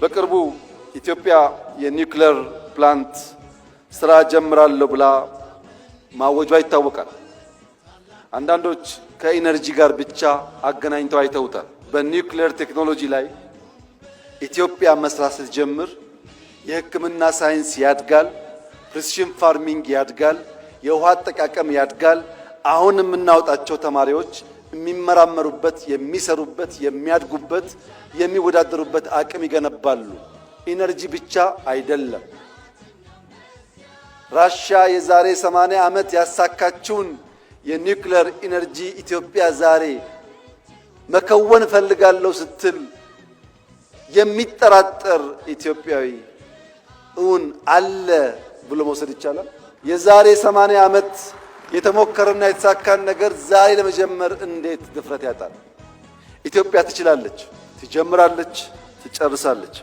በቅርቡ ኢትዮጵያ የኒውክሌር ፕላንት ስራ ጀምራለሁ ብላ ማወጇ ይታወቃል። አንዳንዶች ከኢነርጂ ጋር ብቻ አገናኝተው አይተውታል። በኒውክሌር ቴክኖሎጂ ላይ ኢትዮጵያ መስራት ስትጀምር የሕክምና ሳይንስ ያድጋል፣ ፕሪሲሽን ፋርሚንግ ያድጋል፣ የውሃ አጠቃቀም ያድጋል፣ አሁን የምናወጣቸው ተማሪዎች የሚመራመሩበት፣ የሚሰሩበት፣ የሚያድጉበት፣ የሚወዳደሩበት አቅም ይገነባሉ። ኢነርጂ ብቻ አይደለም። ራሻ የዛሬ 80 ዓመት ያሳካችውን የኒውክሌር ኢነርጂ ኢትዮጵያ ዛሬ መከወን እፈልጋለሁ ስትል የሚጠራጠር ኢትዮጵያዊ እውን አለ ብሎ መውሰድ ይቻላል። የዛሬ 80 ዓመት የተሞከረና የተሳካን ነገር ዛሬ ለመጀመር እንዴት ድፍረት ያጣል? ኢትዮጵያ ትችላለች፣ ትጀምራለች፣ ትጨርሳለች።